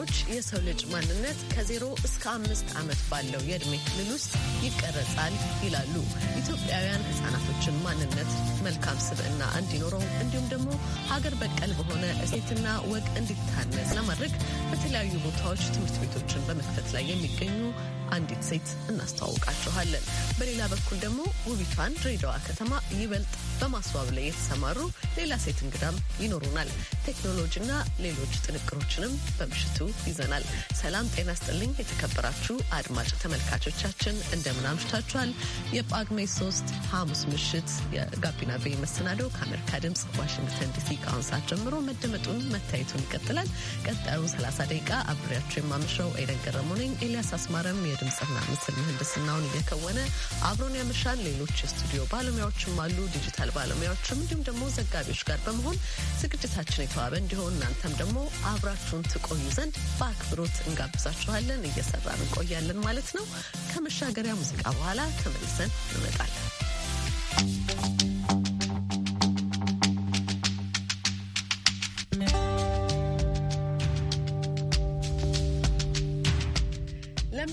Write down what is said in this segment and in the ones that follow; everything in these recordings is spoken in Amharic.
ጉዳዮች የሰው ልጅ ማንነት ከዜሮ እስከ አምስት ዓመት ባለው የእድሜ ክልል ውስጥ ይቀረጻል ይላሉ። ኢትዮጵያውያን ሕጻናቶችን ማንነት መልካም ስብዕና እንዲኖረው እንዲሁም ደግሞ ሀገር በቀል በሆነ እሴትና ወግ እንዲታነጽ ለማድረግ በተለያዩ ቦታዎች ትምህርት ቤቶችን በመክፈት ላይ የሚገኙ አንዲት ሴት እናስተዋውቃችኋለን። በሌላ በኩል ደግሞ ውቢቷን ድሬዳዋ ከተማ ይበልጥ በማስዋብ ላይ የተሰማሩ ሌላ ሴት እንግዳም ይኖሩናል። ቴክኖሎጂና ሌሎች ጥንቅሮችንም በምሽቱ ይዘናል። ሰላም ጤና ስጥልኝ። የተከበራችሁ አድማጭ ተመልካቾቻችን እንደምን አምሽታችኋል? የጳጉሜ ሶስት ሐሙስ ምሽት የጋቢና ቤ መሰናዶ ከአሜሪካ ድምፅ ዋሽንግተን ዲሲ ከአሁን ሰዓት ጀምሮ መደመጡን መታየቱን ይቀጥላል። ቀጣዩ 30 ደቂቃ አብሬያችሁ የማመሻው ኤደን ገረሞነኝ ኤልያስ አስማረም የድምፅና ምስል ምህንድስናውን እየከወነ አብሮን ያመሻል። ሌሎች የስቱዲዮ ባለሙያዎችም አሉ፣ ዲጂታል ባለሙያዎችም፣ እንዲሁም ደግሞ ዘጋቢዎች ጋር በመሆን ዝግጅታችን የተዋበ እንዲሆን እናንተም ደግሞ አብራችሁን ትቆዩ ዘንድ በአክብሮት እንጋብዛችኋለን። እየሰራን እንቆያለን ማለት ነው። ከመሻገሪያ ሙዚቃ በኋላ ተመልሰን እንመጣለን።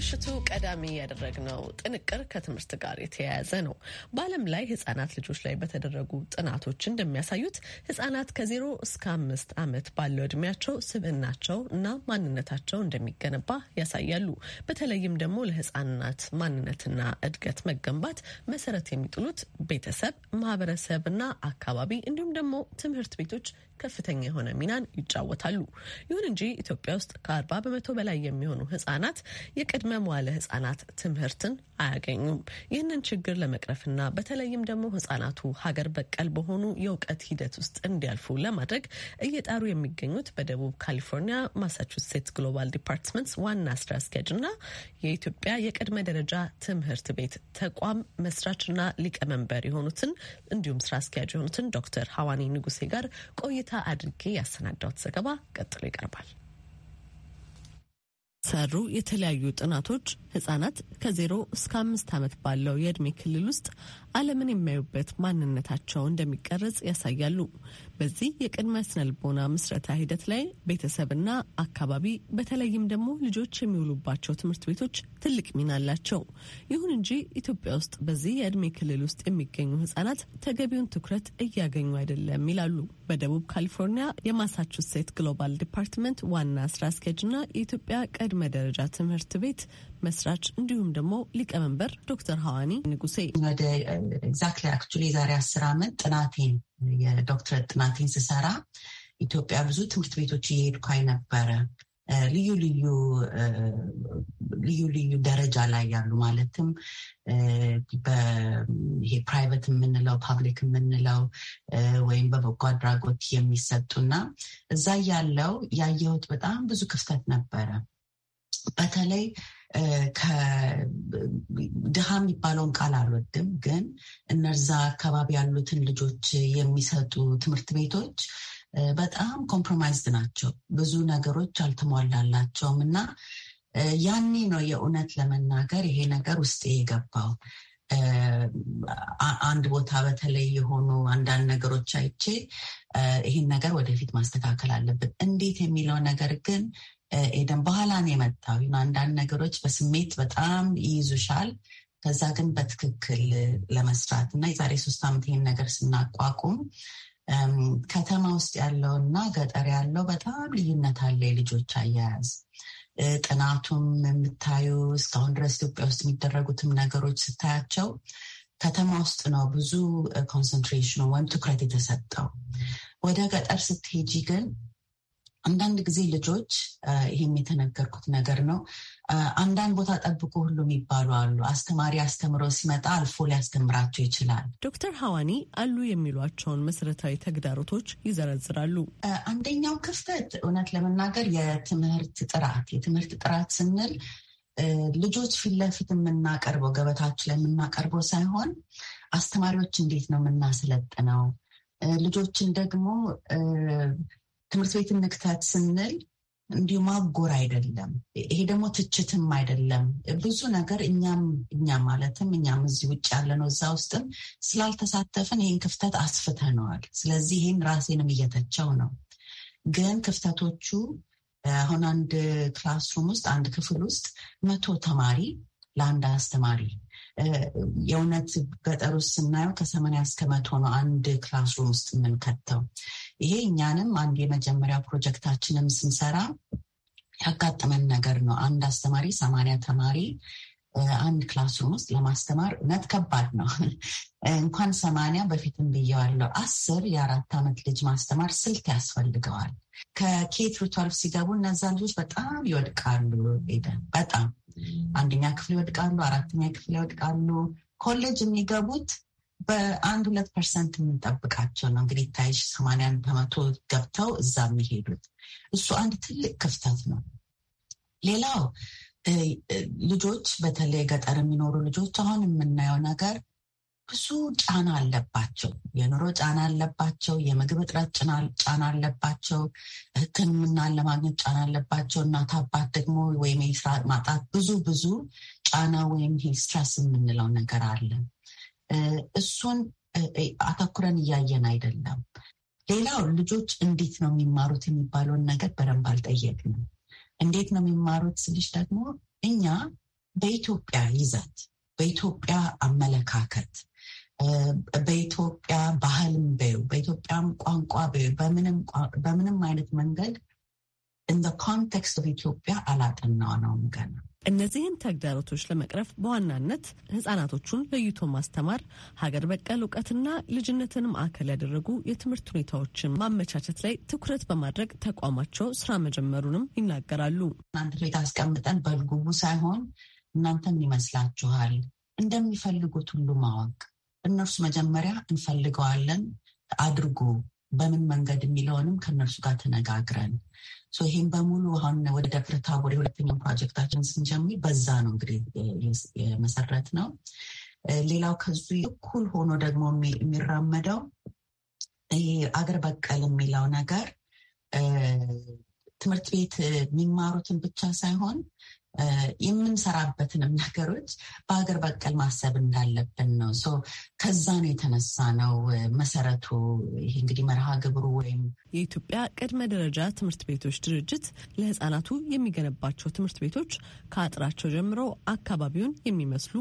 ከምሽቱ ቀዳሚ ያደረግነው ጥንቅር ከትምህርት ጋር የተያያዘ ነው። በዓለም ላይ ህጻናት ልጆች ላይ በተደረጉ ጥናቶች እንደሚያሳዩት ህጻናት ከዜሮ እስከ አምስት ዓመት ባለው እድሜያቸው ስብዕናቸው እና ማንነታቸው እንደሚገነባ ያሳያሉ። በተለይም ደግሞ ለህጻናት ማንነትና እድገት መገንባት መሰረት የሚጥሉት ቤተሰብ፣ ማህበረሰብና አካባቢ እንዲሁም ደግሞ ትምህርት ቤቶች ከፍተኛ የሆነ ሚናን ይጫወታሉ። ይሁን እንጂ ኢትዮጵያ ውስጥ ከአርባ በመቶ በላይ የሚሆኑ ህጻናት የቅድመ መዋለ ህጻናት ትምህርትን አያገኙም። ይህንን ችግር ለመቅረፍና በተለይም ደግሞ ህጻናቱ ሀገር በቀል በሆኑ የእውቀት ሂደት ውስጥ እንዲያልፉ ለማድረግ እየጣሩ የሚገኙት በደቡብ ካሊፎርኒያ ማሳቹሴትስ ግሎባል ዲፓርትመንት ዋና ስራ አስኪያጅና የኢትዮጵያ የቅድመ ደረጃ ትምህርት ቤት ተቋም መስራችና ሊቀመንበር የሆኑትን እንዲሁም ስራ አስኪያጅ የሆኑትን ዶክተር ሀዋኒ ንጉሴ ጋር ቆይታ አድርጌ ያሰናዳሁት ዘገባ ቀጥሎ ይቀርባል። የተሰሩ የተለያዩ ጥናቶች ህጻናት ከዜሮ እስከ አምስት ዓመት ባለው የእድሜ ክልል ውስጥ ዓለምን የሚያዩበት ማንነታቸው እንደሚቀረጽ ያሳያሉ። በዚህ የቅድመ ስነልቦና ምስረታ ሂደት ላይ ቤተሰብና አካባቢ በተለይም ደግሞ ልጆች የሚውሉባቸው ትምህርት ቤቶች ትልቅ ሚና አላቸው። ይሁን እንጂ ኢትዮጵያ ውስጥ በዚህ የእድሜ ክልል ውስጥ የሚገኙ ህጻናት ተገቢውን ትኩረት እያገኙ አይደለም ይላሉ በደቡብ ካሊፎርኒያ የማሳቹሴት ግሎባል ዲፓርትመንት ዋና ስራ አስኪያጅና የኢትዮጵያ ቀድ የቅድመ ደረጃ ትምህርት ቤት መስራች እንዲሁም ደግሞ ሊቀመንበር ዶክተር ሀዋኒ ንጉሴ ወደ ኤግዛክትሊ አክቹዋሊ የዛሬ አስር ዓመት ጥናቴን የዶክትሬት ጥናቴን ስሰራ ኢትዮጵያ ብዙ ትምህርት ቤቶች እየሄድኩ ነበረ። ልዩ ልዩ ልዩ ልዩ ደረጃ ላይ ያሉ ማለትም ይሄ ፕራይቬት የምንለው ፓብሊክ የምንለው ወይም በበጎ አድራጎት የሚሰጡና እዛ ያለው ያየሁት በጣም ብዙ ክፍተት ነበረ። በተለይ ድሃ የሚባለውን ቃል አልወድም፣ ግን እነዛ አካባቢ ያሉትን ልጆች የሚሰጡ ትምህርት ቤቶች በጣም ኮምፕሮማይዝድ ናቸው። ብዙ ነገሮች አልተሟላላቸውም እና ያኔ ነው የእውነት ለመናገር ይሄ ነገር ውስጤ የገባው። አንድ ቦታ በተለይ የሆኑ አንዳንድ ነገሮች አይቼ ይህን ነገር ወደፊት ማስተካከል አለብን እንዴት የሚለው ነገር ግን ኤደን በኋላን የመጣው አንዳንድ ነገሮች በስሜት በጣም ይይዙሻል። ከዛ ግን በትክክል ለመስራት እና የዛሬ ሶስት ዓመት ይህን ነገር ስናቋቁም ከተማ ውስጥ ያለው እና ገጠር ያለው በጣም ልዩነት አለ። የልጆች አያያዝ ጥናቱም የምታዩ እስካሁን ድረስ ኢትዮጵያ ውስጥ የሚደረጉትም ነገሮች ስታያቸው ከተማ ውስጥ ነው ብዙ ኮንሰንትሬሽኑ ወይም ትኩረት የተሰጠው። ወደ ገጠር ስትሄጂ ግን አንዳንድ ጊዜ ልጆች ይህም የተነገርኩት ነገር ነው። አንዳንድ ቦታ ጠብቆ ሁሉ የሚባሉ አሉ። አስተማሪ አስተምሮ ሲመጣ አልፎ ሊያስተምራቸው ይችላል። ዶክተር ሀዋኒ አሉ የሚሏቸውን መሰረታዊ ተግዳሮቶች ይዘረዝራሉ። አንደኛው ክፍተት እውነት ለመናገር የትምህርት ጥራት የትምህርት ጥራት ስንል ልጆች ፊት ለፊት የምናቀርበው ገበታች ላይ የምናቀርበው ሳይሆን አስተማሪዎች እንዴት ነው የምናስለጥነው ልጆችን ደግሞ ትምህርት ቤትን መግታት ስንል እንዲሁ ማጎር አይደለም። ይሄ ደግሞ ትችትም አይደለም። ብዙ ነገር እኛም እኛም ማለትም እኛም እዚህ ውጭ ያለነው እዛ ውስጥም ስላልተሳተፍን ይህን ክፍተት አስፍተነዋል። ስለዚህ ይህን ራሴንም እየተቸው ነው። ግን ክፍተቶቹ አሁን አንድ ክላስሩም ውስጥ አንድ ክፍል ውስጥ መቶ ተማሪ ለአንድ አስተማሪ የእውነት ገጠር ውስጥ ስናየው ከሰማንያ እስከ መቶ ነው አንድ ክላስሩም ውስጥ የምንከተው። ይሄ እኛንም አንድ የመጀመሪያ ፕሮጀክታችንም ስንሰራ ያጋጠመን ነገር ነው። አንድ አስተማሪ ሰማንያ ተማሪ አንድ ክላስሩም ውስጥ ለማስተማር እውነት ከባድ ነው። እንኳን ሰማንያ በፊትም ብየዋለው አስር የአራት ዓመት ልጅ ማስተማር ስልት ያስፈልገዋል። ከኬትሩ ትሩ ሲገቡ እነዛ ልጆች በጣም ይወድቃሉ። በጣም አንደኛ ክፍል ይወድቃሉ፣ አራተኛ ክፍል ይወድቃሉ። ኮሌጅ የሚገቡት በአንድ ሁለት ፐርሰንት የምንጠብቃቸው ነው። እንግዲህ ታይሽ ሰማንያን በመቶ ገብተው እዛ የሚሄዱት እሱ አንድ ትልቅ ክፍተት ነው። ሌላው ልጆች በተለይ ገጠር የሚኖሩ ልጆች አሁን የምናየው ነገር ብዙ ጫና አለባቸው። የኑሮ ጫና አለባቸው። የምግብ እጥረት ጫና አለባቸው። ሕክምናን ለማግኘት ጫና አለባቸው። እናት አባት ደግሞ ወይም የስራ ማጣት ብዙ ብዙ ጫና ወይም ስትረስ የምንለው ነገር አለ። እሱን አተኩረን እያየን አይደለም። ሌላው ልጆች እንዴት ነው የሚማሩት የሚባለውን ነገር በደንብ አልጠየቅንም። እንዴት ነው የሚማሩት ስልሽ ደግሞ እኛ በኢትዮጵያ ይዘት በኢትዮጵያ አመለካከት በኢትዮጵያ ባህልም በዩ በኢትዮጵያም ቋንቋ በዩ በምንም አይነት መንገድ እንደ ኮንቴክስት ኦፍ ኢትዮጵያ አላጠናው ነው ገና። እነዚህን ተግዳሮቶች ለመቅረፍ በዋናነት ህጻናቶቹን ለይቶ ማስተማር፣ ሀገር በቀል እውቀትና ልጅነትን ማዕከል ያደረጉ የትምህርት ሁኔታዎችን ማመቻቸት ላይ ትኩረት በማድረግ ተቋማቸው ስራ መጀመሩንም ይናገራሉ። እናንተ ቤት አስቀምጠን በልጉቡ ሳይሆን እናንተ ይመስላችኋል እንደሚፈልጉት ሁሉ ማወቅ እነርሱ መጀመሪያ እንፈልገዋለን አድርጉ በምን መንገድ የሚለውንም ከእነርሱ ጋር ተነጋግረን ይህም በሙሉ አሁን ወደ ደብረ ታቦር የሁለተኛው ፕሮጀክታችን ስንጀምር በዛ ነው እንግዲህ የመሰረት ነው። ሌላው ከዙ እኩል ሆኖ ደግሞ የሚራመደው አገር በቀል የሚለው ነገር ትምህርት ቤት የሚማሩትን ብቻ ሳይሆን የምንሰራበትንም ነገሮች በሀገር በቀል ማሰብ እንዳለብን ነው። ከዛ ነው የተነሳ ነው መሰረቱ ይህ እንግዲህ መርሃ ግብሩ ወይም የኢትዮጵያ ቅድመ ደረጃ ትምህርት ቤቶች ድርጅት ለህፃናቱ የሚገነባቸው ትምህርት ቤቶች ከአጥራቸው ጀምሮ አካባቢውን የሚመስሉ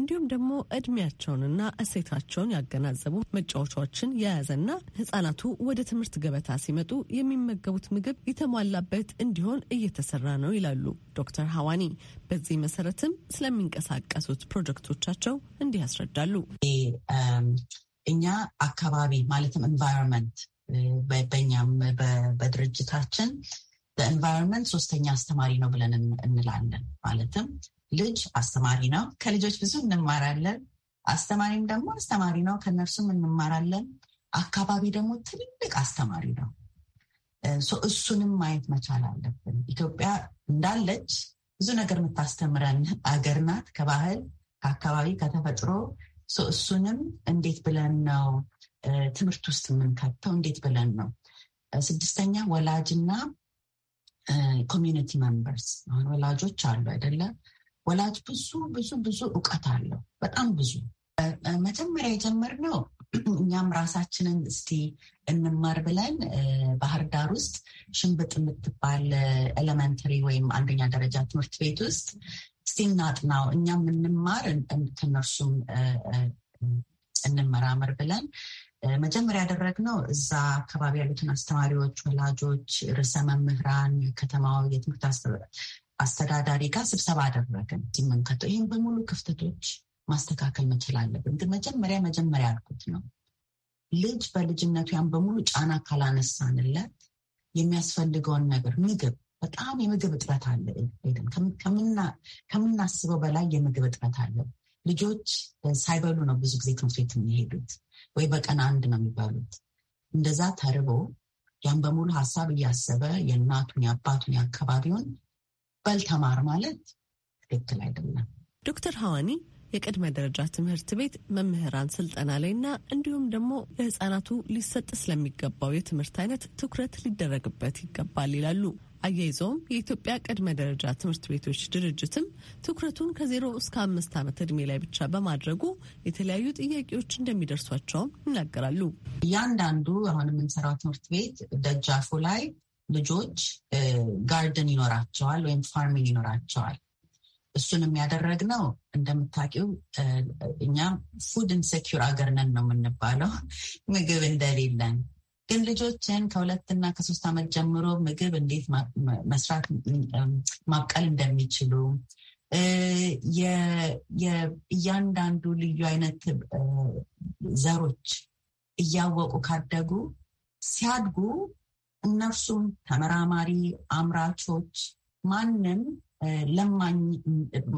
እንዲሁም ደግሞ እድሜያቸውንና እሴታቸውን ያገናዘቡ መጫወቻዎችን የያዘና ህጻናቱ ወደ ትምህርት ገበታ ሲመጡ የሚመገቡት ምግብ የተሟላበት እንዲሆን እየተሰራ ነው ይላሉ ዶክተር ሀዋኒ ካምፓኒ። በዚህ መሰረትም ስለሚንቀሳቀሱት ፕሮጀክቶቻቸው እንዲህ ያስረዳሉ። እኛ አካባቢ ማለትም ኤንቫይሮንመንት በኛ በድርጅታችን ለኤንቫይሮንመንት ሶስተኛ አስተማሪ ነው ብለን እንላለን። ማለትም ልጅ አስተማሪ ነው፣ ከልጆች ብዙ እንማራለን። አስተማሪም ደግሞ አስተማሪ ነው፣ ከነርሱም እንማራለን። አካባቢ ደግሞ ትልቅ አስተማሪ ነው። እሱንም ማየት መቻል አለብን። ኢትዮጵያ እንዳለች ብዙ ነገር የምታስተምረን አገር ናት። ከባህል ከአካባቢ፣ ከተፈጥሮ እሱንም እንዴት ብለን ነው ትምህርት ውስጥ የምንከተው እንዴት ብለን ነው? ስድስተኛ ወላጅና ኮሚዩኒቲ መምበርስ አሁን ወላጆች አሉ አይደለ? ወላጅ ብዙ ብዙ ብዙ እውቀት አለው፣ በጣም ብዙ። መጀመሪያ የጀመርነው እኛም ራሳችንን እስቲ እንማር ብለን ባህር ዳር ውስጥ ሽንብጥ የምትባል ኤሌመንተሪ ወይም አንደኛ ደረጃ ትምህርት ቤት ውስጥ እስቲ እናጥናው፣ እኛም እንማር፣ ከነርሱም እንመራመር ብለን መጀመሪያ ያደረግነው እዛ አካባቢ ያሉትን አስተማሪዎች፣ ወላጆች፣ ርዕሰ መምህራን፣ ከተማው የትምህርት አስተዳዳሪ ጋር ስብሰባ አደረግን። ይህም በሙሉ ክፍተቶች ማስተካከል መቻል አለብን። ግን መጀመሪያ መጀመሪያ ያልኩት ነው ልጅ በልጅነቱ ያን በሙሉ ጫና ካላነሳንለት የሚያስፈልገውን ነገር ምግብ፣ በጣም የምግብ እጥረት አለ። ከምናስበው በላይ የምግብ እጥረት አለ። ልጆች ሳይበሉ ነው ብዙ ጊዜ ትምህርት ቤት የሚሄዱት፣ ወይ በቀን አንድ ነው የሚበሉት። እንደዛ ተርቦ ያን በሙሉ ሀሳብ እያሰበ የእናቱን የአባቱን የአካባቢውን በልተማር ማለት ትክክል አይደለም። ዶክተር ሐዋኒ የቅድመ ደረጃ ትምህርት ቤት መምህራን ስልጠና ላይና እንዲሁም ደግሞ ለህጻናቱ ሊሰጥ ስለሚገባው የትምህርት አይነት ትኩረት ሊደረግበት ይገባል ይላሉ። አያይዘውም የኢትዮጵያ ቅድመ ደረጃ ትምህርት ቤቶች ድርጅትም ትኩረቱን ከዜሮ እስከ አምስት ዓመት እድሜ ላይ ብቻ በማድረጉ የተለያዩ ጥያቄዎች እንደሚደርሷቸውም ይናገራሉ። እያንዳንዱ አሁን የምንሰራው ትምህርት ቤት ደጃፉ ላይ ልጆች ጋርደን ይኖራቸዋል ወይም ፋርሚንግ ይኖራቸዋል። እሱን የሚያደረግ ነው እንደምታውቂው እኛ ፉድ ኢንሴኪር አገር ነን ነው የምንባለው፣ ምግብ እንደሌለን ግን ልጆችን ከሁለትና ከሶስት ዓመት ጀምሮ ምግብ እንዴት መስራት ማብቀል እንደሚችሉ እያንዳንዱ ልዩ አይነት ዘሮች እያወቁ ካደጉ ሲያድጉ እነርሱም ተመራማሪ አምራቾች፣ ማንም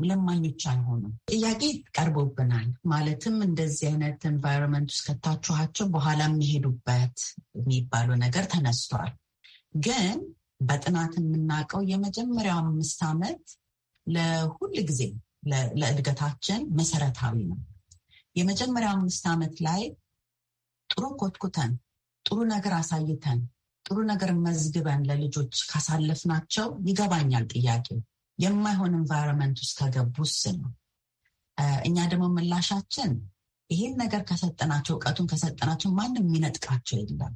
ለማኞች አይሆኑም። ጥያቄ ቀርቦብናል። ማለትም እንደዚህ አይነት ኤንቫይሮንመንት ውስጥ ከታችኋቸው በኋላ የሚሄዱበት የሚባሉ ነገር ተነስቷል። ግን በጥናት የምናውቀው የመጀመሪያው አምስት ዓመት ለሁል ጊዜ ለእድገታችን መሰረታዊ ነው። የመጀመሪያው አምስት ዓመት ላይ ጥሩ ኮትኩተን ጥሩ ነገር አሳይተን ጥሩ ነገር መዝግበን ለልጆች ካሳለፍናቸው ይገባኛል ጥያቄው የማይሆን ኢንቫይሮንመንት ውስጥ ከገቡስ ነው። እኛ ደግሞ ምላሻችን ይህን ነገር ከሰጠናቸው እውቀቱን ከሰጠናቸው ማንም የሚነጥቃቸው የለም።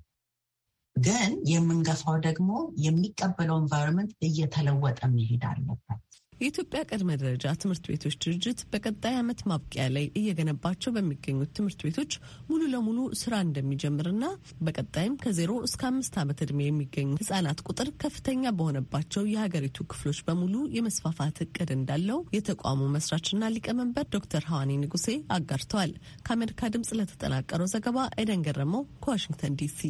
ግን የምንገፋው ደግሞ የሚቀበለው ኢንቫይሮንመንት እየተለወጠ መሄድ አለበት። የኢትዮጵያ ቅድመ ደረጃ ትምህርት ቤቶች ድርጅት በቀጣይ ዓመት ማብቂያ ላይ እየገነባቸው በሚገኙት ትምህርት ቤቶች ሙሉ ለሙሉ ስራ እንደሚጀምርና በቀጣይም ከዜሮ እስከ አምስት ዓመት ዕድሜ የሚገኙ ህጻናት ቁጥር ከፍተኛ በሆነባቸው የሀገሪቱ ክፍሎች በሙሉ የመስፋፋት እቅድ እንዳለው የተቋሙ መስራችና ሊቀመንበር ዶክተር ሐዋኒ ንጉሴ አጋርተዋል። ከአሜሪካ ድምጽ ለተጠናቀረው ዘገባ ኤደን ገረመው ከዋሽንግተን ዲሲ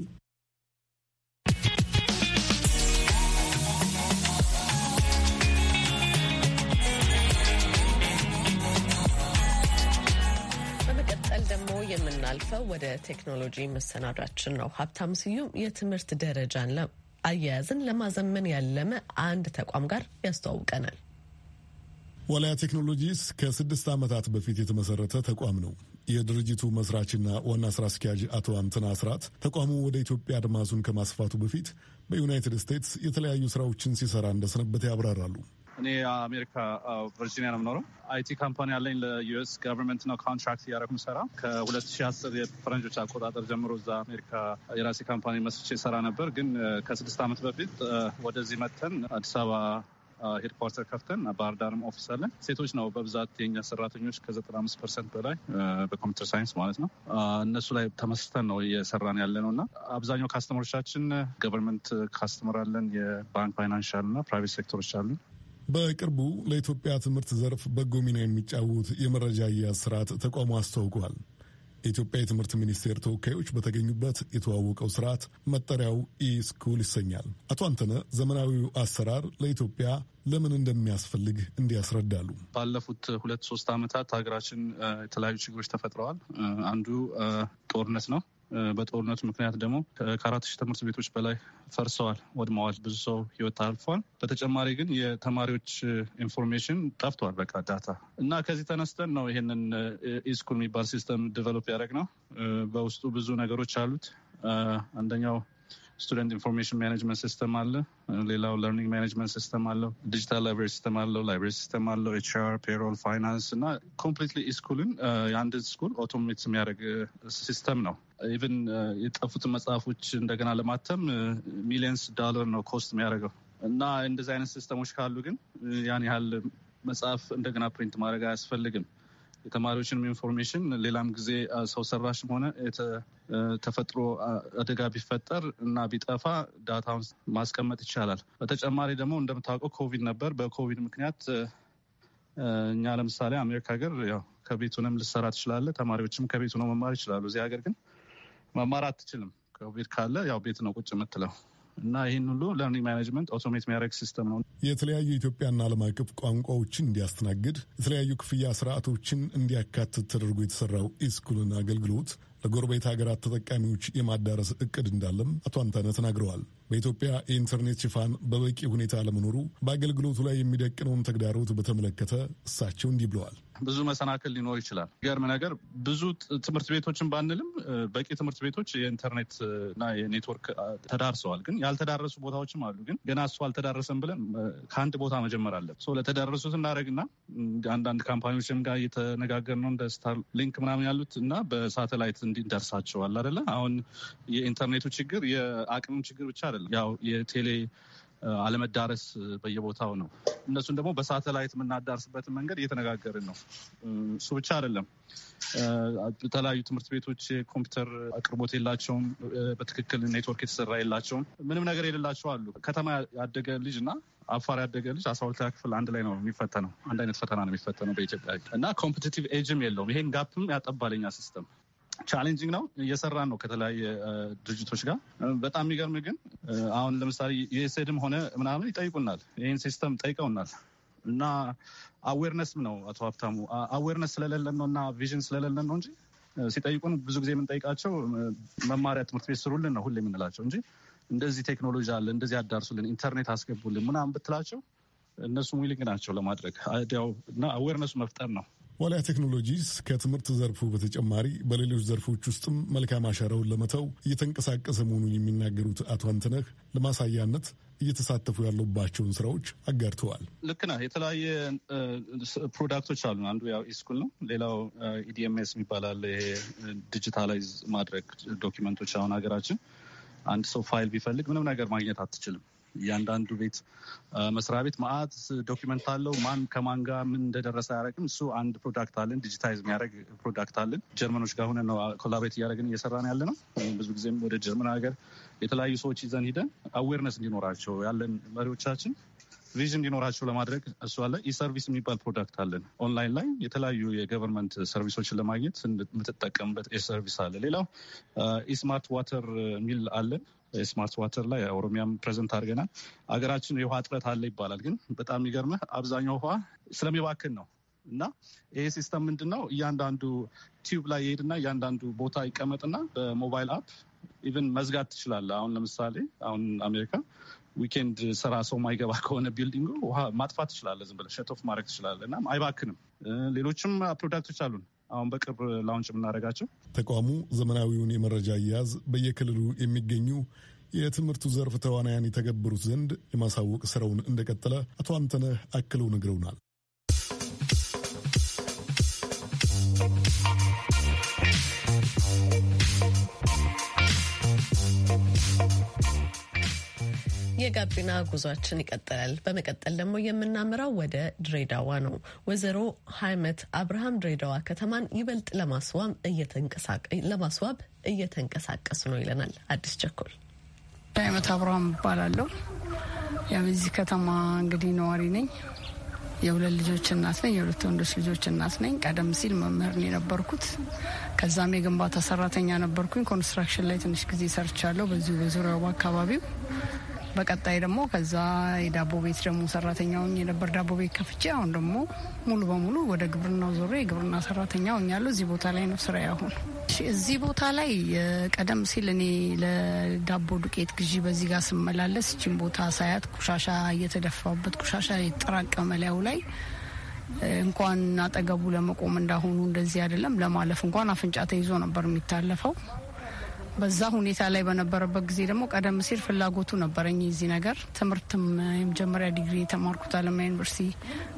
የምናልፈው ወደ ቴክኖሎጂ መሰናዷችን ነው። ሀብታም ስዩም የትምህርት ደረጃን አያያዝን ለማዘመን ያለመ አንድ ተቋም ጋር ያስተዋውቀናል። ወላያ ቴክኖሎጂስ ከስድስት ዓመታት በፊት የተመሰረተ ተቋም ነው። የድርጅቱ መስራችና ዋና ስራ አስኪያጅ አቶ አንትና አስራት ተቋሙ ወደ ኢትዮጵያ አድማሱን ከማስፋቱ በፊት በዩናይትድ ስቴትስ የተለያዩ ስራዎችን ሲሰራ እንደሰነበት ያብራራሉ። እኔ አሜሪካ ቨርጂኒያ ነው የምኖረው። አይቲ ካምፓኒ ያለኝ ለዩኤስ ገቨርንመንት ነው ኮንትራክት እያደረኩ ሰራ። ከ2010 የፈረንጆች አቆጣጠር ጀምሮ እዛ አሜሪካ የራሴ ካምፓኒ መስቼ ሰራ ነበር። ግን ከስድስት ዓመት በፊት ወደዚህ መጥተን አዲስ አበባ ሄድኳርተር ከፍተን ባህርዳርም ኦፊስ አለን። ሴቶች ነው በብዛት የኛ ሰራተኞች ከ95 ፐርሰንት በላይ በኮምፒውተር ሳይንስ ማለት ነው። እነሱ ላይ ተመስርተን ነው እየሰራን ያለ ነው እና አብዛኛው ካስተመሮቻችን ገቨርንመንት ካስተመር አለን፣ የባንክ ፋይናንሻል እና ፕራይቬት ሴክተሮች አሉን። በቅርቡ ለኢትዮጵያ ትምህርት ዘርፍ በጎ ሚና የሚጫወት የመረጃ አያያዝ ስርዓት ተቋሙ አስታውቋል። የኢትዮጵያ የትምህርት ሚኒስቴር ተወካዮች በተገኙበት የተዋወቀው ስርዓት መጠሪያው ኢስኩል ይሰኛል። አቶ አንተነ ዘመናዊው አሰራር ለኢትዮጵያ ለምን እንደሚያስፈልግ እንዲያስረዳሉ። ባለፉት ሁለት ሶስት ዓመታት ሀገራችን የተለያዩ ችግሮች ተፈጥረዋል። አንዱ ጦርነት ነው። በጦርነቱ ምክንያት ደግሞ ከአራት ሺህ ትምህርት ቤቶች በላይ ፈርሰዋል፣ ወድመዋል። ብዙ ሰው ህይወት አልፏል። በተጨማሪ ግን የተማሪዎች ኢንፎርሜሽን ጠፍቷል፣ በቃ ዳታ እና ከዚህ ተነስተን ነው ይሄንን ኢስኩል የሚባል ሲስተም ዲቨሎፕ ያደረግ ነው። በውስጡ ብዙ ነገሮች አሉት። አንደኛው ስቱደንት ኢንፎርሜሽን ማኔጅመንት ሲስተም አለ። ሌላው ለርኒንግ ማኔጅመንት ሲስተም አለው። ዲጂታል ላይብራሪ ሲስተም አለው። ላይብራሪ ሲስተም አለው። ኤች አር፣ ፔሮል፣ ፋይናንስ እና ኮምፕሊትሊ ስኩልን የአንድን ስኩል ኦቶሜት የሚያደርግ ሲስተም ነው። ኢቨን uh, የጠፉትን መጽሐፎች እንደገና ለማተም ሚሊየንስ uh, ዳለር ነው ኮስት የሚያደርገው እና እንደዚህ አይነት ሲስተሞች ካሉ ግን uh, ያን ያህል መጽሐፍ እንደገና ፕሪንት ማድረግ አያስፈልግም። የተማሪዎችንም ኢንፎርሜሽን ሌላም ጊዜ ሰው ሰራሽም ሆነ ተፈጥሮ አደጋ ቢፈጠር እና ቢጠፋ ዳታውን ማስቀመጥ ይቻላል። በተጨማሪ ደግሞ እንደምታውቀው ኮቪድ ነበር። በኮቪድ ምክንያት እኛ ለምሳሌ አሜሪካ ሀገር ከቤት ሆነም ልሰራ ትችላለ ተማሪዎችም ከቤት ሆነው መማር ይችላሉ። እዚህ ሀገር ግን መማር አትችልም። ኮቪድ ካለ ያው ቤት ነው ቁጭ የምትለው እና ይህን ሁሉ ለርኒንግ ማኔጅመንት ኦቶሜት የሚያደርግ ሲስተም ነው። የተለያዩ ኢትዮጵያና ዓለም አቀፍ ቋንቋዎችን እንዲያስተናግድ የተለያዩ ክፍያ ስርዓቶችን እንዲያካትት ተደርጎ የተሰራው ኢስኩልን አገልግሎት ለጎረቤት ሀገራት ተጠቃሚዎች የማዳረስ እቅድ እንዳለም አቶ አንተነ ተናግረዋል። በኢትዮጵያ የኢንተርኔት ሽፋን በበቂ ሁኔታ አለመኖሩ በአገልግሎቱ ላይ የሚደቅነውን ተግዳሮት በተመለከተ እሳቸው እንዲህ ብለዋል። ብዙ መሰናክል ሊኖር ይችላል። ገርም ነገር ብዙ ትምህርት ቤቶችን ባንልም በቂ ትምህርት ቤቶች የኢንተርኔት እና የኔትወርክ ተዳርሰዋል። ግን ያልተዳረሱ ቦታዎችም አሉ። ግን ገና እሱ አልተዳረሰም ብለን ከአንድ ቦታ መጀመር አለን። ለተዳረሱት እናደረግና አንዳንድ ካምፓኒዎችም ጋር እየተነጋገር ነው እንደ ስታር ሊንክ ምናምን ያሉት እና በሳተላይት እንዲደርሳቸዋል አደለ። አሁን የኢንተርኔቱ ችግር የአቅምም ችግር ብቻ አደለም ያው የቴሌ አለመዳረስ በየቦታው ነው። እነሱን ደግሞ በሳተላይት የምናዳርስበትን መንገድ እየተነጋገርን ነው። እሱ ብቻ አይደለም። የተለያዩ ትምህርት ቤቶች የኮምፒውተር አቅርቦት የላቸውም። በትክክል ኔትወርክ የተሰራ የላቸውም። ምንም ነገር የሌላቸው አሉ። ከተማ ያደገ ልጅ እና አፋር ያደገ ልጅ አስራ ሁለተኛ ክፍል አንድ ላይ ነው የሚፈተነው። አንድ አይነት ፈተና ነው የሚፈተነው በኢትዮጵያ እና ኮምፒቲቲቭ ኤጅም የለውም። ይሄን ጋፕም ያጠባለኛ ሲስተም ቻሌንጂንግ ነው። እየሰራን ነው ከተለያየ ድርጅቶች ጋር። በጣም የሚገርም ግን አሁን ለምሳሌ ዩኤስኤድም ሆነ ምናምን ይጠይቁናል። ይህን ሲስተም ጠይቀውናል እና አዌርነስም ነው አቶ ሀብታሙ አዌርነስ ስለሌለን ነው እና ቪዥን ስለሌለን ነው እንጂ ሲጠይቁን ብዙ ጊዜ የምንጠይቃቸው መማሪያ ትምህርት ቤት ስሩልን ነው ሁሌ የምንላቸው እንጂ እንደዚህ ቴክኖሎጂ አለ እንደዚህ አዳርሱልን፣ ኢንተርኔት አስገቡልን ምናምን ብትላቸው እነሱም ዊሊንግ ናቸው ለማድረግ ያው እና አዌርነሱ መፍጠር ነው ዋልያ ቴክኖሎጂስ ከትምህርት ዘርፉ በተጨማሪ በሌሎች ዘርፎች ውስጥም መልካም አሻራውን ለመተው እየተንቀሳቀሰ መሆኑን የሚናገሩት አቶ አንትነህ ለማሳያነት እየተሳተፉ ያሉባቸውን ስራዎች አጋርተዋል። ልክ ነህ። የተለያየ ፕሮዳክቶች አሉ። አንዱ ያው ኢስኩል ነው። ሌላው ኢዲኤምኤስ የሚባላል ይሄ ዲጂታላይዝ ማድረግ ዶኪመንቶች። አሁን ሀገራችን አንድ ሰው ፋይል ቢፈልግ ምንም ነገር ማግኘት አትችልም። እያንዳንዱ ቤት መስሪያ ቤት ማአት ዶኪመንት አለው። ማን ከማን ጋር ምን እንደደረሰ አያደርግም። እሱ አንድ ፕሮዳክት አለን፣ ዲጂታይዝ የሚያደርግ ፕሮዳክት አለን። ጀርመኖች ጋር ሆነ ነው ኮላብሬት እያደረግን እየሰራን ያለ ነው። ብዙ ጊዜም ወደ ጀርመን ሀገር የተለያዩ ሰዎች ይዘን ሂደን አዌርነስ እንዲኖራቸው ያለን መሪዎቻችን ቪዥን እንዲኖራቸው ለማድረግ እሱ አለ። ኢሰርቪስ የሚባል ፕሮዳክት አለን። ኦንላይን ላይ የተለያዩ የገቨርንመንት ሰርቪሶችን ለማግኘት የምትጠቀምበት ኢሰርቪስ አለ። ሌላው ኢስማርት ዋተር ሚል አለን። ስማርት ዋተር ላይ ኦሮሚያም ፕሬዘንት አድርገናል። አገራችን የውሃ እጥረት አለ ይባላል፣ ግን በጣም የሚገርምህ አብዛኛው ውሃ ስለሚባክን ነው። እና ይሄ ሲስተም ምንድን ነው? እያንዳንዱ ቲዩብ ላይ ይሄድና እያንዳንዱ ቦታ ይቀመጥና በሞባይል አፕ ኢቨን መዝጋት ትችላለህ። አሁን ለምሳሌ አሁን አሜሪካ ዊኬንድ ስራ ሰው ማይገባ ከሆነ ቢልዲንጉ ውሃ ማጥፋት ትችላለህ። ዝም ብለህ ሸቶፍ ማድረግ ትችላለህ እና አይባክንም። ሌሎችም ፕሮዳክቶች አሉን አሁን በቅርብ ላውንጭ የምናደርጋቸው። ተቋሙ ዘመናዊውን የመረጃ አያያዝ በየክልሉ የሚገኙ የትምህርቱ ዘርፍ ተዋናያን የተገበሩት ዘንድ የማሳወቅ ስራውን እንደቀጠለ አቶ አንተነህ አክለው ነግረውናል። የጋቢና ጉዟችን ይቀጥላል። በመቀጠል ደግሞ የምናምራው ወደ ድሬዳዋ ነው። ወይዘሮ ሀይመት አብርሃም ድሬዳዋ ከተማን ይበልጥ ለማስዋብ እየተንቀሳቀሱ ነው ይለናል አዲስ ቸኮል። ሀይመት አብርሃም እባላለሁ። የዚህ ከተማ እንግዲህ ነዋሪ ነኝ። የሁለት ልጆች እናት ነኝ። የሁለት ወንዶች ልጆች እናት ነኝ። ቀደም ሲል መምህር የነበርኩት። ከዛም የግንባታ ሰራተኛ ነበርኩኝ። ኮንስትራክሽን ላይ ትንሽ ጊዜ ሰርቻለሁ። በዚሁ በዙሪያው አካባቢው። በቀጣይ ደግሞ ከዛ የዳቦ ቤት ደግሞ ሰራተኛውን የነበር ዳቦ ቤት ከፍቼ አሁን ደግሞ ሙሉ በሙሉ ወደ ግብርናው ዞሬ የግብርና ሰራተኛ ሆኛለሁ። እዚህ ቦታ ላይ ነው ስራ ያሁን። እዚህ ቦታ ላይ ቀደም ሲል እኔ ለዳቦ ዱቄት ግዢ በዚህ ጋር ስመላለስ እችን ቦታ ሳያት ቆሻሻ እየተደፋበት ቆሻሻ የተጠራቀመ ላዩ ላይ እንኳን አጠገቡ ለመቆም እንዳሁኑ እንደዚህ አይደለም፣ ለማለፍ እንኳን አፍንጫ ተይዞ ነበር የሚታለፈው። በዛ ሁኔታ ላይ በነበረበት ጊዜ ደግሞ ቀደም ሲል ፍላጎቱ ነበረኝ የዚህ ነገር ትምህርትም የመጀመሪያ ዲግሪ የተማርኩት አለማ ዩኒቨርሲቲ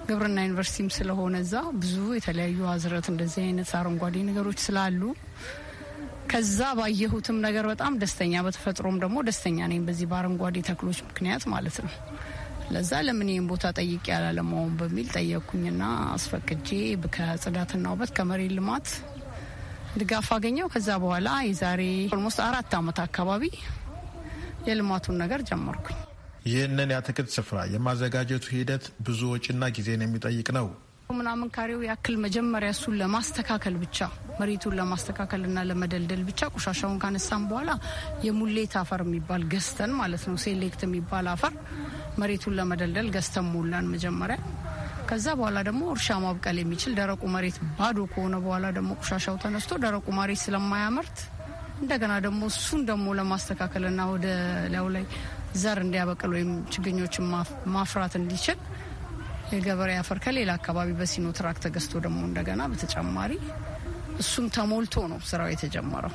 ግብርና ዩኒቨርሲቲም ስለሆነ እዛ ብዙ የተለያዩ አዝረት እንደዚህ አይነት አረንጓዴ ነገሮች ስላሉ ከዛ ባየሁትም ነገር በጣም ደስተኛ በተፈጥሮም ደግሞ ደስተኛ ነኝ በዚህ በአረንጓዴ ተክሎች ምክንያት ማለት ነው። ለዛ ለምን ይህን ቦታ ጠይቄ ያላለማውን በሚል ጠየቅኩኝና አስፈቅጄ ከጽዳትና ውበት ከመሬት ልማት ድጋፍ አገኘው። ከዛ በኋላ የዛሬ ኦልሞስት አራት ዓመት አካባቢ የልማቱን ነገር ጀመርኩኝ። ይህንን የአትክልት ስፍራ የማዘጋጀቱ ሂደት ብዙ ወጪና ጊዜን የሚጠይቅ ነው። ምናምን ካሬው ያክል መጀመሪያ እሱን ለማስተካከል ብቻ መሬቱን ለማስተካከልና ለመደልደል ብቻ ቆሻሻውን ካነሳም በኋላ የሙሌት አፈር የሚባል ገዝተን ማለት ነው ሴሌክት የሚባል አፈር መሬቱን ለመደልደል ገዝተን ሞላን መጀመሪያ ከዛ በኋላ ደግሞ እርሻ ማብቀል የሚችል ደረቁ መሬት ባዶ ከሆነ በኋላ ደግሞ ቆሻሻው ተነስቶ ደረቁ መሬት ስለማያመርት እንደገና ደግሞ እሱን ደግሞ ለማስተካከልና ወደ ላዩ ላይ ዘር እንዲያበቅል ወይም ችግኞችን ማፍራት እንዲችል የገበሬ አፈር ከሌላ አካባቢ በሲኖ ትራክ ተገዝቶ ደግሞ እንደገና በተጨማሪ እሱም ተሞልቶ ነው ስራው የተጀመረው።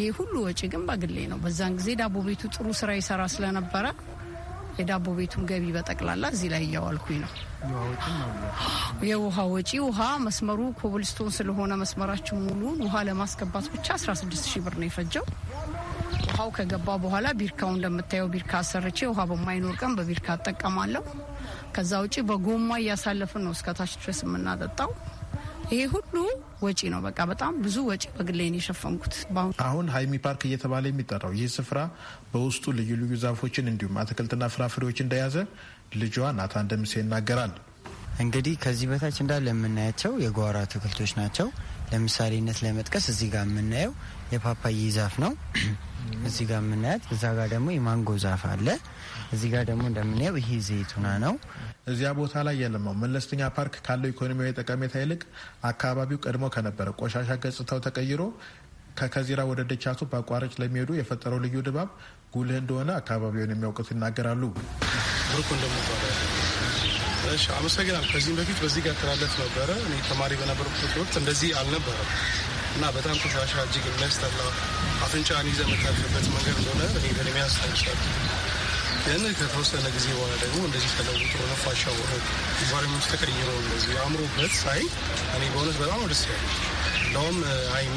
ይህ ሁሉ ወጪ ግን በግሌ ነው። በዛን ጊዜ ዳቦ ቤቱ ጥሩ ስራ ይሰራ ስለነበረ የዳቦ ቤቱን ገቢ በጠቅላላ እዚህ ላይ እያዋልኩኝ ነው። የውሃ ወጪ ውሃ መስመሩ ኮብልስቶን ስለሆነ መስመራችን ሙሉን ውሃ ለማስገባት ብቻ 16 ሺህ ብር ነው የፈጀው። ውሃው ከገባ በኋላ ቢርካው እንደምታየው ቢርካ አሰርቼ ውሃ በማይኖር ቀን በቢርካ እጠቀማለሁ። ከዛ ውጪ በጎማ እያሳለፍን ነው እስከታች ድረስ የምናጠጣው። ይሄ ሁሉ ወጪ ነው። በቃ በጣም ብዙ ወጪ በግሌን የሸፈንኩት። አሁን ሀይሚ ፓርክ እየተባለ የሚጠራው ይህ ስፍራ በውስጡ ልዩ ልዩ ዛፎችን እንዲሁም አትክልትና ፍራፍሬዎች እንደያዘ ልጇ ናታን ደምሴ ይናገራል። እንግዲህ ከዚህ በታች እንዳለ የምናያቸው የጓሮ አትክልቶች ናቸው። ለምሳሌነት ለመጥቀስ እዚህ ጋር የምናየው የፓፓዬ ዛፍ ነው። እዚህ ጋር የምናያት እዛ ጋር ደግሞ የማንጎ ዛፍ አለ። እዚህ ጋር ደግሞ እንደምናየው ይሄ ዘይቱና ነው። እዚያ ቦታ ላይ የለማው መለስተኛ ፓርክ ካለው ኢኮኖሚያዊ ጠቀሜታ ይልቅ አካባቢው ቀድሞ ከነበረ ቆሻሻ ገጽታው ተቀይሮ ከከዚራ ወደ ደቻቱ በአቋራጭ ለሚሄዱ የፈጠረው ልዩ ድባብ ጉልህ እንደሆነ አካባቢውን የሚያውቁት ይናገራሉ። ብሩክ እንደሚባለ አመሰግናል። ከዚህም በፊት በዚህ ጋር ተላለፍ ነበረ። እኔ ተማሪ በነበርኩበት ወቅት እንደዚህ አልነበረም እና በጣም ቆሻሻ እጅግ የሚያስጠላ አፍንጫን ይዘ የምታልፍበት መንገድ እንደሆነ እኔ ለእኔ ያስታውሳል። ግን ከተወሰነ ጊዜ በኋላ ደግሞ እንደዚህ ተለውጦ ነፋሻ ሆኖ ኢንቫይሮመንት ተቀይሮ እንደዚህ አእምሮበት ሳይ እኔ በእውነት በጣም ደስ ያለ እንደውም ሀይሚ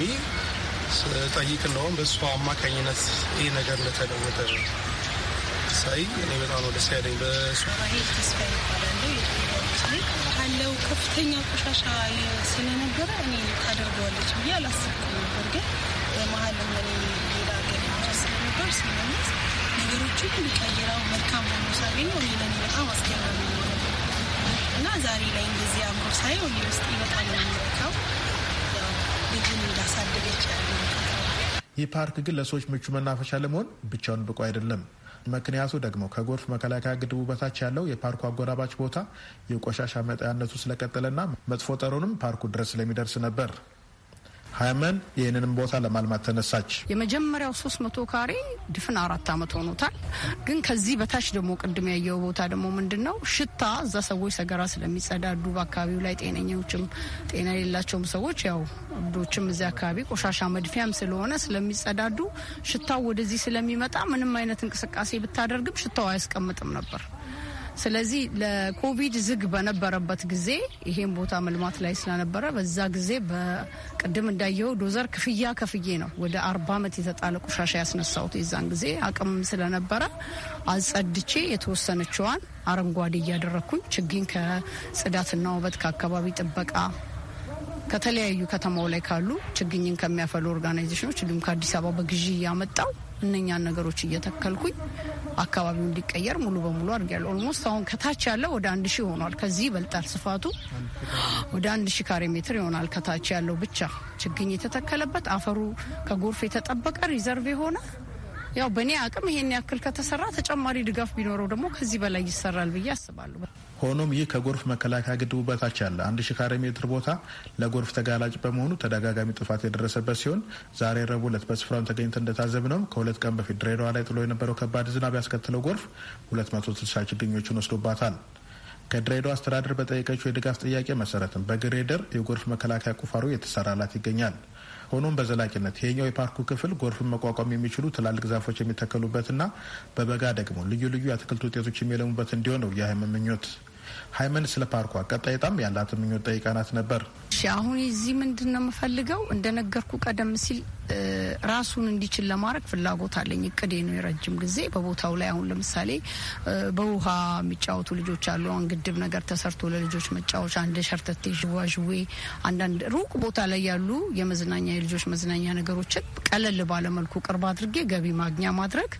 ስጠይቅ እንደውም በእሷ አማካኝነት ይህ ነገር እንደተለወጠ ሳይ እኔ በጣም ደስ ያለኝ። ተስፋ ካለው ከፍተኛ ቆሻሻ ስለነበረ እኔ ታደርገዋለች ብዬ አላሰብኩም ነበር። ግን በመሀል መሪ ሌላ ገር ስለነበር ስመለስ ነገሮችን የሚቀይረው መልካም ሆኖ ሳገኘው እኔ ለእኔ በጣም አስገራሚ እና ዛሬ ላይ እንደዚህ አምሮ ሳይ ውስጥ በጣም የሚረካው ይህ ፓርክ ግን ለሰዎች ምቹ መናፈሻ ለመሆን ብቻውን ብቁ አይደለም። ምክንያቱ ደግሞ ከጎርፍ መከላከያ ግድቡ በታች ያለው የፓርኩ አጎራባች ቦታ የቆሻሻ መጣያነቱ ስለቀጠለና መጥፎ ጠረኑም ፓርኩ ድረስ ስለሚደርስ ነበር። ሀመን ይህንንም ቦታ ለማልማት ተነሳች። የመጀመሪያው ሶስት መቶ ካሬ ድፍን አራት አመት ሆኖታል። ግን ከዚህ በታች ደግሞ ቅድም ያየው ቦታ ደግሞ ምንድን ነው ሽታ እዛ ሰዎች ሰገራ ስለሚጸዳዱ በአካባቢው ላይ ጤነኞችም ጤና የሌላቸውም ሰዎች ያው እብዶችም እዚያ አካባቢ ቆሻሻ መድፊያም ስለሆነ ስለሚጸዳዱ ሽታው ወደዚህ ስለሚመጣ ምንም አይነት እንቅስቃሴ ብታደርግም ሽታው አያስቀምጥም ነበር። ስለዚህ ለኮቪድ ዝግ በነበረበት ጊዜ ይሄን ቦታ መልማት ላይ ስለነበረ በዛ ጊዜ በቅድም እንዳየው ዶዘር ክፍያ ከፍዬ ነው ወደ አርባ ዓመት የተጣለ ቆሻሻ ያስነሳሁት። የዛን ጊዜ አቅም ስለነበረ አጸድቼ የተወሰነችዋን አረንጓዴ እያደረግኩኝ ችግኝ ከጽዳትና ውበት ከአካባቢ ጥበቃ ከተለያዩ ከተማው ላይ ካሉ ችግኝን ከሚያፈሉ ኦርጋናይዜሽኖች እንዲሁም ከአዲስ አበባ በግዢ እያመጣው እነኛን ነገሮች እየተከልኩኝ አካባቢው እንዲቀየር ሙሉ በሙሉ አድርጊያለሁ። ኦልሞስት አሁን ከታች ያለው ወደ አንድ ሺህ ሆኗል። ከዚህ ይበልጣል ስፋቱ ወደ አንድ ሺህ ካሬ ሜትር ይሆናል። ከታች ያለው ብቻ ችግኝ የተተከለበት አፈሩ ከጎርፍ የተጠበቀ ሪዘርቭ የሆነ ያው በእኔ አቅም ይሄን ያክል ከተሰራ ተጨማሪ ድጋፍ ቢኖረው ደግሞ ከዚህ በላይ ይሰራል ብዬ አስባለሁ። ሆኖም ይህ ከጎርፍ መከላከያ ግድቡ በታች ያለ አንድ ሺ ካሬ ሜትር ቦታ ለጎርፍ ተጋላጭ በመሆኑ ተደጋጋሚ ጥፋት የደረሰበት ሲሆን ዛሬ ረቡዕ ዕለት በስፍራውን ተገኝተ እንደታዘብ ነው ከሁለት ቀን በፊት ድሬዳዋ ላይ ጥሎ የነበረው ከባድ ዝናብ ያስከተለው ጎርፍ 260 ችግኞችን ወስዶባታል። ከድሬዳዋ አስተዳደር በጠየቀችው የድጋፍ ጥያቄ መሰረትም በግሬደር የጎርፍ መከላከያ ቁፋሮ የተሰራላት ይገኛል። ሆኖም በዘላቂነት ይሄኛው የፓርኩ ክፍል ጎርፍን መቋቋም የሚችሉ ትላልቅ ዛፎች የሚተከሉበትና በበጋ ደግሞ ልዩ ልዩ የአትክልት ውጤቶች የሚለሙበት እንዲሆን ነው የሀይመን ምኞት። ሀይመን ስለ ፓርኩ ቀጣይ ጣም ያላት ምኞት ጠይቃናት ነበር። አሁን እዚህ ምንድን ነው የምፈልገው እንደነገርኩ ቀደም ሲል ራሱን እንዲችል ለማድረግ ፍላጎት አለኝ። እቅዴ ነው የረጅም ጊዜ በቦታው ላይ አሁን ለምሳሌ በውሃ የሚጫወቱ ልጆች አሉ። አሁን ግድብ ነገር ተሰርቶ ለልጆች መጫወቻ አንድ ሸርተቴ፣ ዥዋዥዌ አንዳንድ ሩቅ ቦታ ላይ ያሉ የመዝናኛ የልጆች መዝናኛ ነገሮችን ቀለል ባለመልኩ ቅርብ አድርጌ ገቢ ማግኛ ማድረግ፣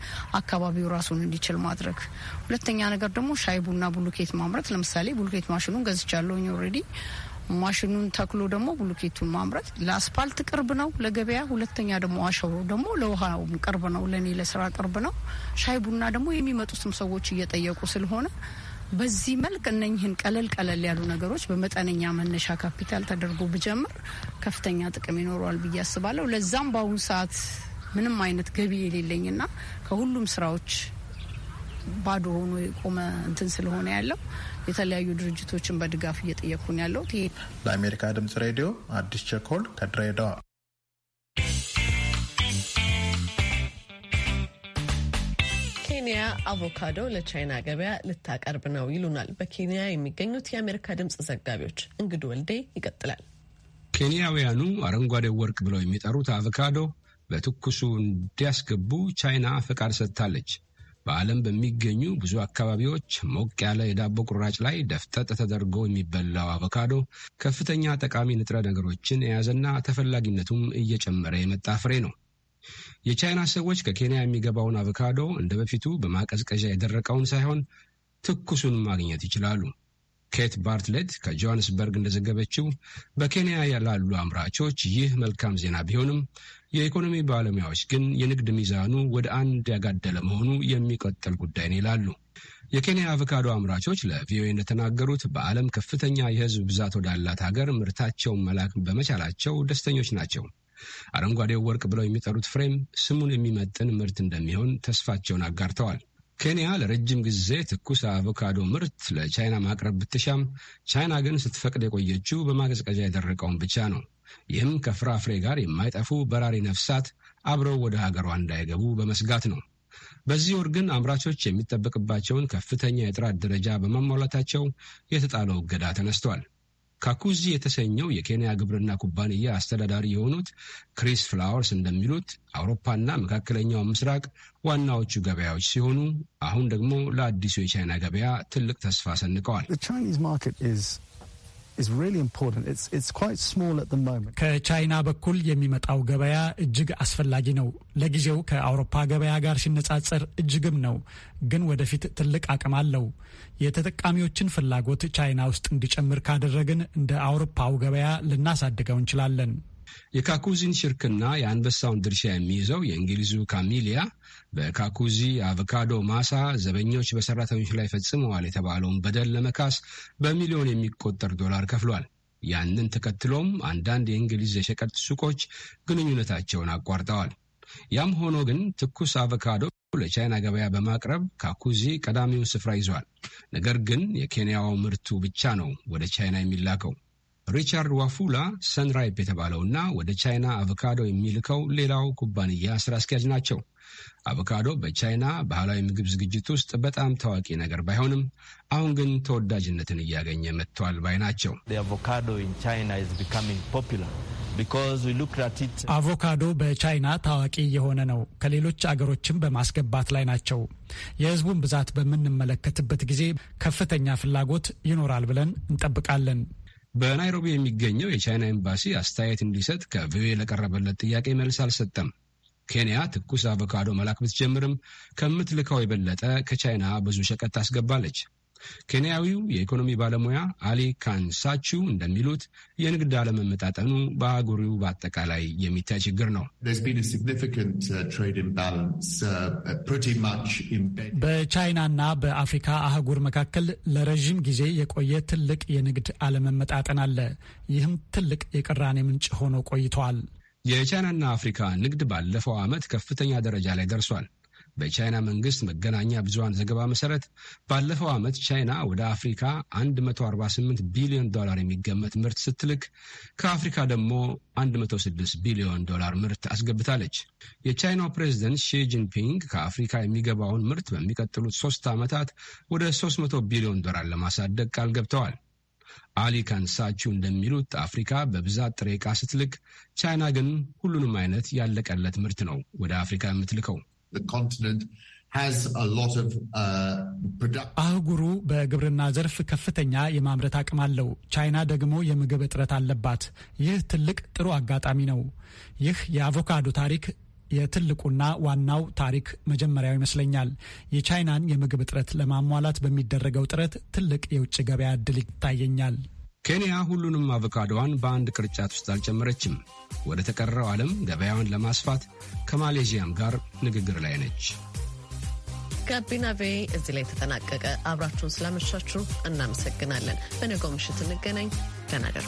አካባቢው ራሱን እንዲችል ማድረግ። ሁለተኛ ነገር ደግሞ ሻይ ቡና ቡሉኬት ማምረት ለምሳሌ ቡሉኬት ማሽኑን ገዝቻለሁኝ ኦልሬዲ ማሽኑን ተክሎ ደግሞ ብሎኬቱን ማምረት ለአስፓልት ቅርብ ነው ለገበያ። ሁለተኛ ደግሞ አሸሮ ደግሞ ለውሃውም ቅርብ ነው፣ ለእኔ ለስራ ቅርብ ነው። ሻይ ቡና ደግሞ የሚመጡትም ሰዎች እየጠየቁ ስለሆነ በዚህ መልክ እነኝህን ቀለል ቀለል ያሉ ነገሮች በመጠነኛ መነሻ ካፒታል ተደርጎ ብጀምር ከፍተኛ ጥቅም ይኖረዋል ብዬ አስባለሁ። ለዛም በአሁኑ ሰዓት ምንም አይነት ገቢ የሌለኝና ከሁሉም ስራዎች ባዶ ሆኖ የቆመ እንትን ስለሆነ ያለው የተለያዩ ድርጅቶችን በድጋፍ እየጠየቁን ያለሁት ይሄ። ለአሜሪካ ድምጽ ሬዲዮ አዲስ ቸኮል ከድሬዳዋ። ኬንያ አቮካዶ ለቻይና ገበያ ልታቀርብ ነው ይሉናል በኬንያ የሚገኙት የአሜሪካ ድምፅ ዘጋቢዎች። እንግዱ ወልዴ ይቀጥላል። ኬንያውያኑ አረንጓዴው ወርቅ ብለው የሚጠሩት አቮካዶ በትኩሱ እንዲያስገቡ ቻይና ፈቃድ ሰጥታለች። በዓለም በሚገኙ ብዙ አካባቢዎች ሞቅ ያለ የዳቦ ቁራጭ ላይ ደፍጠጥ ተደርጎ የሚበላው አቮካዶ ከፍተኛ ጠቃሚ ንጥረ ነገሮችን የያዘና ተፈላጊነቱም እየጨመረ የመጣ ፍሬ ነው። የቻይና ሰዎች ከኬንያ የሚገባውን አቮካዶ እንደ በፊቱ በማቀዝቀዣ የደረቀውን ሳይሆን ትኩሱን ማግኘት ይችላሉ። ኬት ባርትሌት ከጆሃንስበርግ እንደዘገበችው በኬንያ ላሉ አምራቾች ይህ መልካም ዜና ቢሆንም የኢኮኖሚ ባለሙያዎች ግን የንግድ ሚዛኑ ወደ አንድ ያጋደለ መሆኑ የሚቀጥል ጉዳይ ነው ይላሉ። የኬንያ አቮካዶ አምራቾች ለቪኦኤ እንደተናገሩት በዓለም ከፍተኛ የሕዝብ ብዛት ወዳላት ሀገር ምርታቸውን መላክ በመቻላቸው ደስተኞች ናቸው። አረንጓዴው ወርቅ ብለው የሚጠሩት ፍሬም ስሙን የሚመጥን ምርት እንደሚሆን ተስፋቸውን አጋርተዋል። ኬንያ ለረጅም ጊዜ ትኩስ አቮካዶ ምርት ለቻይና ማቅረብ ብትሻም ቻይና ግን ስትፈቅድ የቆየችው በማቀዝቀዣ የደረቀውን ብቻ ነው። ይህም ከፍራፍሬ ጋር የማይጠፉ በራሪ ነፍሳት አብረው ወደ ሀገሯ እንዳይገቡ በመስጋት ነው። በዚህ ወር ግን አምራቾች የሚጠበቅባቸውን ከፍተኛ የጥራት ደረጃ በማሟላታቸው የተጣለው እገዳ ተነስቷል። ካኩዚ የተሰኘው የኬንያ ግብርና ኩባንያ አስተዳዳሪ የሆኑት ክሪስ ፍላወርስ እንደሚሉት አውሮፓና መካከለኛው ምስራቅ ዋናዎቹ ገበያዎች ሲሆኑ አሁን ደግሞ ለአዲሱ የቻይና ገበያ ትልቅ ተስፋ ሰንቀዋል። ከቻይና በኩል የሚመጣው ገበያ እጅግ አስፈላጊ ነው። ለጊዜው ከአውሮፓ ገበያ ጋር ሲነጻጸር እጅግም ነው፣ ግን ወደፊት ትልቅ አቅም አለው። የተጠቃሚዎችን ፍላጎት ቻይና ውስጥ እንዲጨምር ካደረግን እንደ አውሮፓው ገበያ ልናሳድገው እንችላለን። የካኩዚን ሽርክና የአንበሳውን ድርሻ የሚይዘው የእንግሊዙ ካሚሊያ በካኩዚ አቮካዶ ማሳ ዘበኞች በሰራተኞች ላይ ፈጽመዋል የተባለውን በደል ለመካስ በሚሊዮን የሚቆጠር ዶላር ከፍሏል። ያንን ተከትሎም አንዳንድ የእንግሊዝ የሸቀጥ ሱቆች ግንኙነታቸውን አቋርጠዋል። ያም ሆኖ ግን ትኩስ አቮካዶ ለቻይና ገበያ በማቅረብ ካኩዚ ቀዳሚውን ስፍራ ይዟል። ነገር ግን የኬንያው ምርቱ ብቻ ነው ወደ ቻይና የሚላከው። ሪቻርድ ዋፉላ ሰንራይፕ የተባለውና ወደ ቻይና አቮካዶ የሚልከው ሌላው ኩባንያ ስራ አስኪያጅ ናቸው። አቮካዶ በቻይና ባህላዊ ምግብ ዝግጅት ውስጥ በጣም ታዋቂ ነገር ባይሆንም አሁን ግን ተወዳጅነትን እያገኘ መጥቷል ባይ ናቸው። አቮካዶ በቻይና ታዋቂ የሆነ ነው። ከሌሎች አገሮችም በማስገባት ላይ ናቸው። የህዝቡን ብዛት በምንመለከትበት ጊዜ ከፍተኛ ፍላጎት ይኖራል ብለን እንጠብቃለን። በናይሮቢ የሚገኘው የቻይና ኤምባሲ አስተያየት እንዲሰጥ ከቪኦኤ ለቀረበለት ጥያቄ መልስ አልሰጠም። ኬንያ ትኩስ አቮካዶ መላክ ብትጀምርም ከምትልካው የበለጠ ከቻይና ብዙ ሸቀጥ ታስገባለች። ኬንያዊው የኢኮኖሚ ባለሙያ አሊ ካንሳቺው እንደሚሉት የንግድ አለመመጣጠኑ በአህጉሪው በአጠቃላይ የሚታይ ችግር ነው። uh, uh, uh, በቻይናና በአፍሪካ አህጉር መካከል ለረዥም ጊዜ የቆየ ትልቅ የንግድ አለመመጣጠን አለ። ይህም ትልቅ የቅራኔ ምንጭ ሆኖ ቆይተዋል። የቻይናና አፍሪካ ንግድ ባለፈው ዓመት ከፍተኛ ደረጃ ላይ ደርሷል። በቻይና መንግስት መገናኛ ብዙሃን ዘገባ መሰረት ባለፈው ዓመት ቻይና ወደ አፍሪካ 148 ቢሊዮን ዶላር የሚገመት ምርት ስትልክ ከአፍሪካ ደግሞ 106 ቢሊዮን ዶላር ምርት አስገብታለች። የቻይናው ፕሬዝደንት ሺጂንፒንግ ከአፍሪካ የሚገባውን ምርት በሚቀጥሉት ሶስት ዓመታት ወደ 300 ቢሊዮን ዶላር ለማሳደግ ቃል ገብተዋል። አሊ ካንሳችሁ እንደሚሉት አፍሪካ በብዛት ጥሬ ዕቃ ስትልክ፣ ቻይና ግን ሁሉንም አይነት ያለቀለት ምርት ነው ወደ አፍሪካ የምትልከው። Uh, አህጉሩ በግብርና ዘርፍ ከፍተኛ የማምረት አቅም አለው። ቻይና ደግሞ የምግብ እጥረት አለባት። ይህ ትልቅ ጥሩ አጋጣሚ ነው። ይህ የአቮካዶ ታሪክ የትልቁና ዋናው ታሪክ መጀመሪያው ይመስለኛል። የቻይናን የምግብ እጥረት ለማሟላት በሚደረገው ጥረት ትልቅ የውጭ ገበያ እድል ይታየኛል። ኬንያ ሁሉንም አቮካዶዋን በአንድ ቅርጫት ውስጥ አልጨመረችም። ወደ ተቀረው ዓለም ገበያዋን ለማስፋት ከማሌዥያም ጋር ንግግር ላይ ነች። ጋቢና ቬ እዚህ ላይ ተጠናቀቀ። አብራችሁን ስላመሻችሁ እናመሰግናለን። በነገው ምሽት እንገናኝ። ደህና